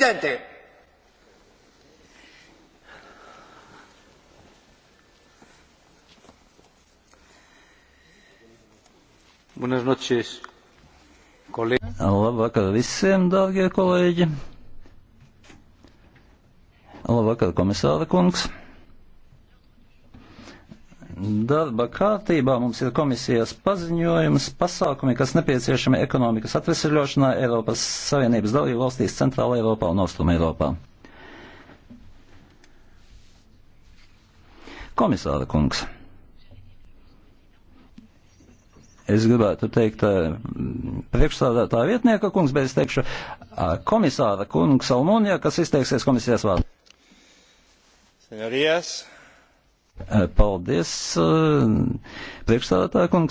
Presidente. Buenas noches, kolēģi. Labvakar visiem, dārgie kolēģi. Labvakar, komisāra kungs darba kārtībā mums ir komisijas paziņojums pasākumi, kas nepieciešami ekonomikas atvesļošanā Eiropas Savienības dalību valstīs Centrāla Eiropā un Austruma Eiropā. Komisāra kungs. Es gribētu teikt eh, priekšstādātā vietnieka kungs, bet es teikšu eh, komisāra kungs Almunija, kas izteiksies komisijas vārdā. Señorías, Paldies, eh, priekšstādātā kungs.